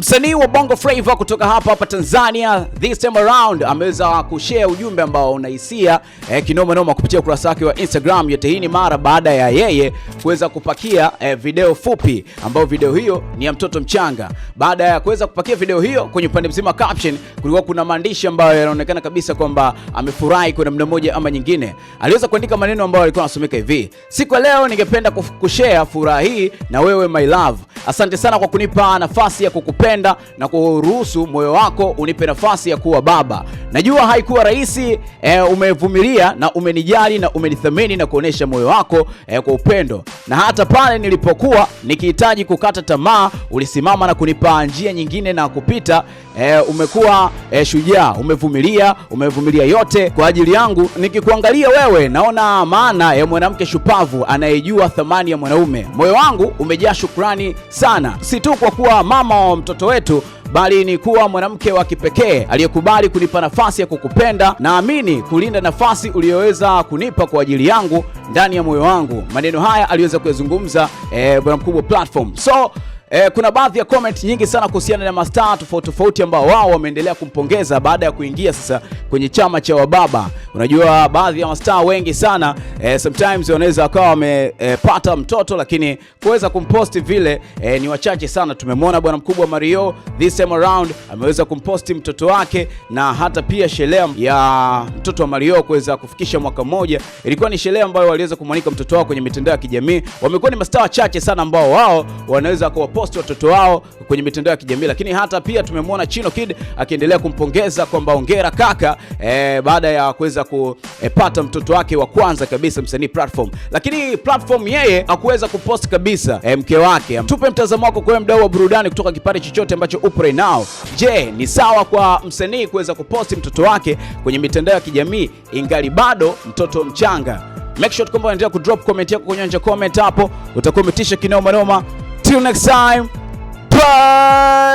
Msanii wa Bongo Flava kutoka hapa hapa Tanzania this time around ameweza kushare ujumbe ambao unahisia eh, kinoma noma kupitia ukurasa wake wa Instagram. Yote hii ni mara baada ya yeye kuweza kupakia eh, video fupi ambayo video hiyo ni ya mtoto mchanga. Baada ya kuweza kupakia video hiyo, kwenye upande mzima caption kulikuwa kuna maandishi ambayo yanaonekana kabisa kwamba amefurahi kwa namna moja ama nyingine. Aliweza kuandika maneno ambayo alikuwa anasomeka hivi: siku ya leo ningependa kushare furaha hii na wewe my love, asante sana kwa kunipa nafasi ya kukupenda kukupenda na kuruhusu moyo wako unipe nafasi ya kuwa baba. Najua haikuwa rahisi e, umevumilia na umenijali na umenithamini na kuonesha moyo wako e, kwa upendo na hata pale nilipokuwa nikihitaji kukata tamaa, ulisimama na kunipa njia nyingine na kupita. E, umekuwa e, shujaa, umevumilia, umevumilia yote kwa ajili yangu. Nikikuangalia wewe, naona maana ya mwanamke shupavu anayejua thamani ya mwanaume. Moyo wangu umejaa shukrani sana, si tu kwa kuwa mama wa mtoto wetu bali ni kuwa mwanamke wa kipekee aliyekubali kunipa nafasi ya kukupenda. Naamini kulinda nafasi uliyoweza kunipa kwa ajili yangu ndani ya moyo wangu. Maneno haya aliweza kuyazungumza eh, bwana mkubwa platform so Eh, kuna baadhi ya comment nyingi sana kuhusiana na mastaa tofauti tofauti ambao wao wameendelea kumpongeza baada ya kuingia sasa kwenye chama cha wababa. Unajua baadhi ya mastaa wengi sana eh, sometimes wanaweza wakawa wamepata eh, mtoto lakini kuweza kumpost vile eh, ni wachache sana. Tumemwona bwana mkubwa Mario this time around ameweza kumpost mtoto wake, na hata pia sherehe ya mtoto wa Mario kuweza kufikisha mwaka mmoja ilikuwa ni sherehe ambayo waliweza kumwanika mtoto wao kwenye mitandao ya kijamii. Wamekuwa ni mastaa wachache sana ambao wao wanaweza kuwa kuposti watoto wao kwenye mitandao ya kijamii, lakini hata pia tumemwona Chino Kid akiendelea kumpongeza kwamba ongera kaka e, baada ya kuweza kupata mtoto wake wa kwanza kabisa msanii Platform. Lakini Platform yeye hakuweza kupost kabisa e, mke wake. Tupe mtazamo wako kwa mdau wa burudani kutoka kipande chochote ambacho upo right now. Je, ni sawa kwa msanii kuweza kuposti mtoto wake kwenye mitandao ya kijamii ingali bado mtoto mchanga? Make sure kwamba unaendelea kudrop comment yako kwenye anja comment hapo, utakuwa umetisha kinoma noma. Until next time, bye.